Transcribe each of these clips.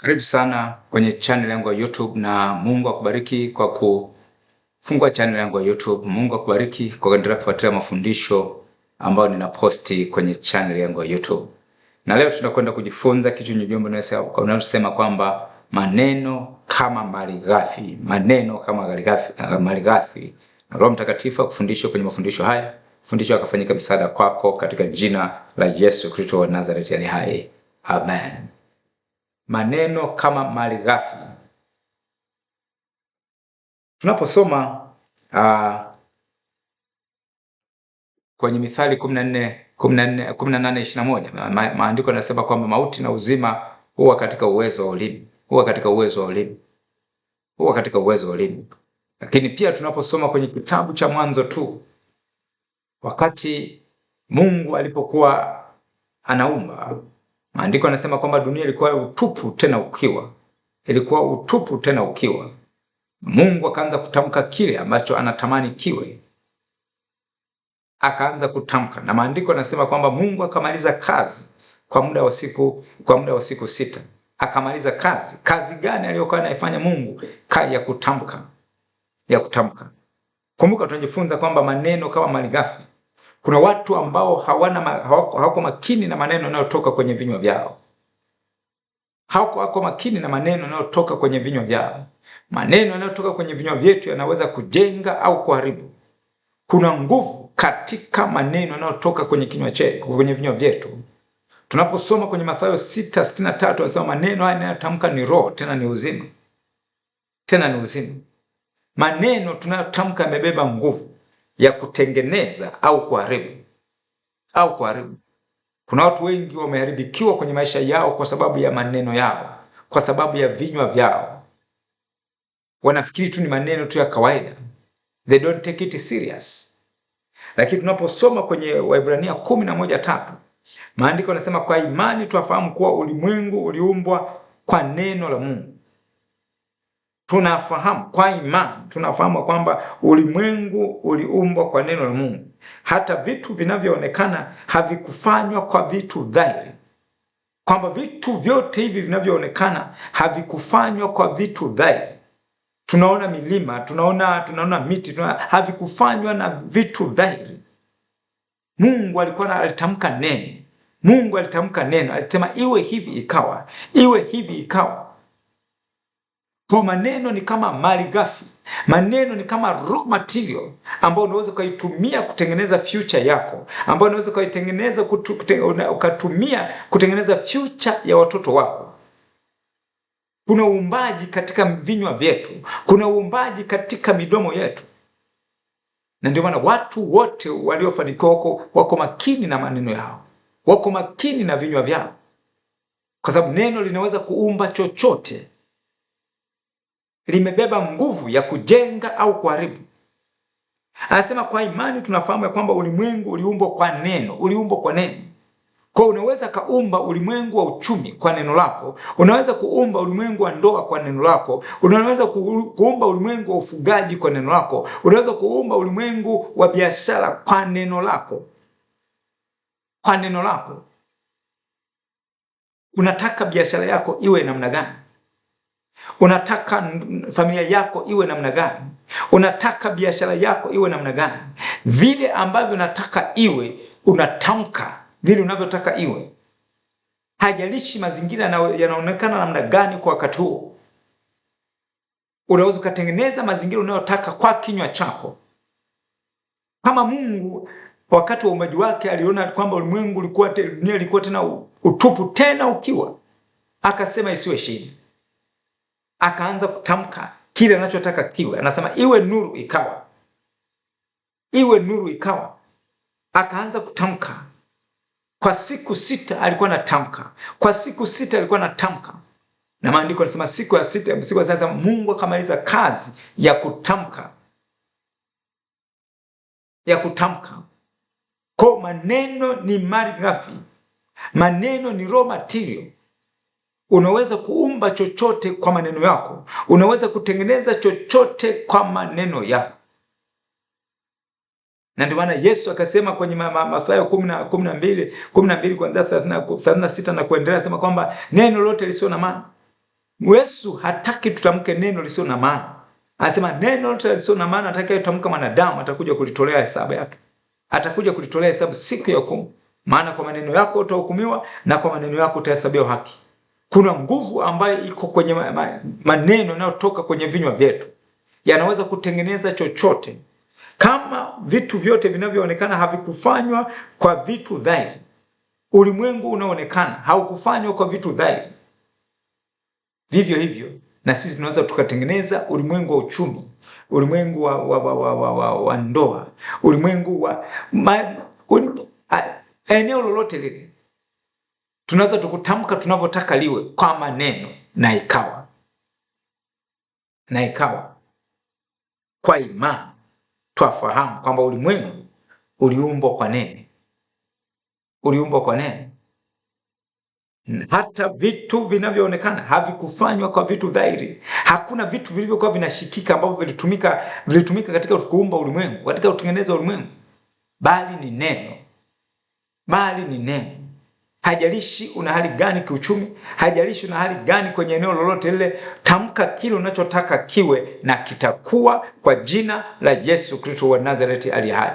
Karibu sana kwenye channel yangu ya YouTube na Mungu akubariki kwa kufungua channel yangu ya YouTube. Mungu akubariki kwa kuendelea kufuatilia mafundisho ambayo ninaposti kwenye channel yangu ya YouTube. Na leo tunakwenda kujifunza kitu ninachosema kwamba maneno kama malighafi, maneno kama eh, malighafi. Na Roho Mtakatifu akufundishe kwenye mafundisho haya, fundisho akafanyika msaada kwako katika jina la Yesu Kristo wa Nazareti ali yaani hai. Amen maneno kama ghafi. Tunaposoma uh, kwenye Mithali 14 na maandiko yanasema kwamba mauti na uzima huwa katika uwezo wa ulimi, huwa katika uwezo wa ulimi, huwa katika uwezo wa ulimi. Lakini pia tunaposoma kwenye kitabu cha Mwanzo tu wakati Mungu alipokuwa anaumba Maandiko yanasema kwamba dunia ilikuwa utupu tena ukiwa, ilikuwa utupu tena ukiwa. Mungu akaanza kutamka kile ambacho anatamani kiwe, akaanza kutamka, na maandiko yanasema kwamba Mungu akamaliza kazi kwa muda wa siku kwa muda wa siku sita. Akamaliza kazi. Kazi gani aliyokuwa anaifanya Mungu? Kazi ya kutamka, ya kutamka. Kumbuka tunajifunza kwamba maneno kama malighafi kuna watu ambao hawana ma, hawako, hawako makini na maneno yanayotoka kwenye vinywa vyao, hawako hawako makini na maneno yanayotoka kwenye vinywa vyao. Maneno yanayotoka kwenye vinywa vyetu yanaweza kujenga au kuharibu. Kuna nguvu katika maneno yanayotoka kwenye kinywa chetu, kwenye vinywa vyetu. Tunaposoma kwenye Mathayo 6:63 anasema maneno haya yanayotamka ni roho tena ni uzima, tena ni uzima. Maneno tunayotamka yamebeba nguvu ya kutengeneza au kuharibu au kuharibu. Kuna watu wengi wameharibikiwa kwenye maisha yao kwa sababu ya maneno yao, kwa sababu ya vinywa vyao. Wanafikiri tu ni maneno tu ya kawaida, they don't take it serious. Lakini tunaposoma kwenye Waebrania kumi na moja tatu maandiko yanasema, kwa imani twafahamu kuwa ulimwengu uliumbwa kwa neno la Mungu Tunafahamu kwa imani, tunafahamu kwamba ulimwengu uliumbwa kwa neno la Mungu. Hata vitu vinavyoonekana havikufanywa kwa vitu dhahiri, kwamba vitu vyote hivi vinavyoonekana havikufanywa kwa vitu dhahiri. Tunaona milima, tunaona tunaona miti, tunaona, havikufanywa na vitu dhahiri. Mungu alikuwa alitamka neno, Mungu alitamka neno, alisema iwe hivi, ikawa, iwe hivi, ikawa kwa maneno ni kama mali ghafi, maneno ni kama raw material ambayo unaweza ukaitumia kutengeneza future yako, ambayo unaweza ukaitengeneza ukatumia kutengeneza future ya watoto wako. Kuna uumbaji katika vinywa vyetu, kuna uumbaji katika midomo yetu, na ndio maana watu wote waliofanikiwa wako, wako makini na maneno yao, wako makini na vinywa vyao, kwa sababu neno linaweza kuumba chochote limebeba nguvu ya kujenga au kuharibu. Anasema kwa imani tunafahamu ya kwamba ulimwengu uliumbwa kwa neno, uliumbwa kwa neno. Kwa unaweza kaumba ulimwengu wa uchumi kwa neno lako, unaweza kuumba ulimwengu wa ndoa kwa neno lako, unaweza kuumba ulimwengu wa ufugaji kwa neno lako, unaweza kuumba ulimwengu wa biashara kwa neno lako, kwa neno lako. Unataka biashara yako iwe namna gani? Unataka familia yako iwe namna gani? Unataka biashara yako iwe namna gani? Vile ambavyo unataka iwe, unatamka vile unavyotaka iwe, hajalishi mazingira yanaonekana namna gani kwa wakati huo. Unaweza ukatengeneza mazingira unayotaka kwa kinywa chako. Kama Mungu wakati wa uumbaji wake aliona kwamba ulimwengu ulikuwa, dunia ilikuwa tena utupu tena ukiwa, akasema isiwe shida akaanza kutamka kile anachotaka kiwe, anasema iwe nuru ikawa, iwe nuru ikawa. Akaanza kutamka kwa siku sita, alikuwa anatamka kwa siku sita, alikuwa anatamka na maandiko anasema siku ya sita, siku ya sasa Mungu akamaliza kazi ya kutamka ya kutamka. Kwa maneno ni mali ghafi, maneno ni raw material Unaweza kuumba chochote kwa maneno yako, unaweza kutengeneza chochote kwa maneno yako. Na ndio maana Yesu akasema kwenye Mathayo 10:12, 12 kuanzia 36 na na kuendelea, sema kwamba neno lote lisio na maana. Yesu hataki tutamke neno lisio na maana, anasema neno lote lisio na maana atakayotamka mwanadamu atakuja kulitolea hesabu yake, atakuja kulitolea hesabu siku ya hukumu, maana kwa maneno yako utahukumiwa na kwa maneno yako utahesabiwa haki kuna nguvu ambayo iko kwenye maneno yanayotoka kwenye vinywa vyetu, yanaweza kutengeneza chochote. Kama vitu vyote vinavyoonekana havikufanywa kwa vitu dhahiri, ulimwengu unaonekana haukufanywa kwa vitu dhahiri. Vivyo hivyo na sisi tunaweza tukatengeneza ulimwengu wa uchumi, ulimwengu wa, wa, wa, wa, wa, wa, wa ndoa, ulimwengu wa ma, un, a, eneo lolote lile tunaweza tukutamka tunavyotaka liwe kwa maneno na ikawa na ikawa kwa imani twafahamu kwamba ulimwengu uliumbwa kwa nene uliumbwa kwa nene hata vitu vinavyoonekana havikufanywa kwa vitu dhahiri. Hakuna vitu vilivyokuwa vinashikika ambavyo vilitumika, vilitumika katika kuumba ulimwengu, katika kutengeneza ulimwengu, bali ni neno, bali ni neno. Haijalishi una hali gani kiuchumi, haijalishi una hali gani kwenye eneo lolote lile, tamka kile unachotaka kiwe na kitakuwa, kwa jina la Yesu Kristo wa Nazareti aliye hai.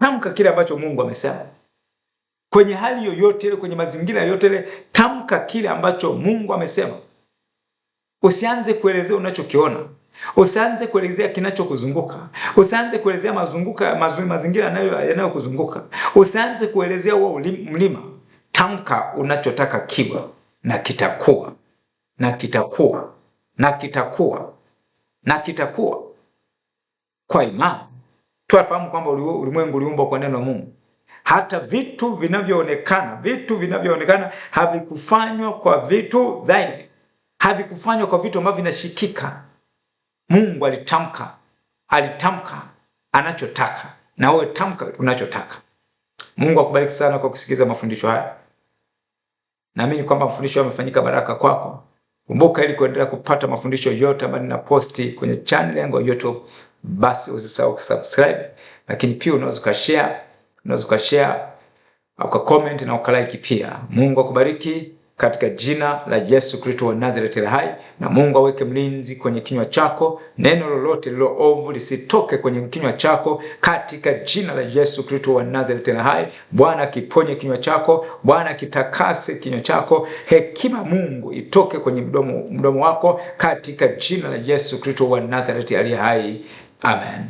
Tamka kile ambacho Mungu amesema kwenye hali yoyote ile, kwenye mazingira yoyote ile, tamka kile ambacho Mungu amesema. Usianze kuelezea unachokiona. Usianze kuelezea kinachokuzunguka, usianze kuelezea mazunguka mazuri mazingira yanayokuzunguka, usianze kuelezea huo mlima. Tamka unachotaka kiwe, na kitakuwa, na kitakuwa, na kitakuwa, na kitakuwa kwa imani. tuafahamu kwamba ulimwengu uliumbwa kwa neno la Mungu. Hata vitu vinavyoonekana, vitu vinavyoonekana havikufanywa kwa vitu dhahiri, havikufanywa kwa vitu ambavyo vinashikika. Mungu alitamka, alitamka anachotaka, na wewe tamka unachotaka. Mungu akubariki sana kwa kusikiliza mafundisho haya. Naamini kwamba mafundisho yamefanyika baraka kwako. Kumbuka, ili kuendelea kupata mafundisho yote ambayo ninaposti kwenye channel yangu ya YouTube, basi usisahau kusubscribe, lakini pia unaweza ukashare, unaweza ukashare, uka comment na ukalike pia. Mungu akubariki katika jina la Yesu Kristo wa Nazareti hai, na Mungu aweke mlinzi kwenye kinywa chako. Neno lolote lilo ovu lisitoke kwenye kinywa chako katika jina la Yesu Kristo wa Nazareti hai. Bwana kiponye kinywa chako, Bwana kitakase kinywa chako, hekima Mungu itoke kwenye mdomo, mdomo wako katika jina la Yesu Kristo wa Nazareti aliye hai, amen.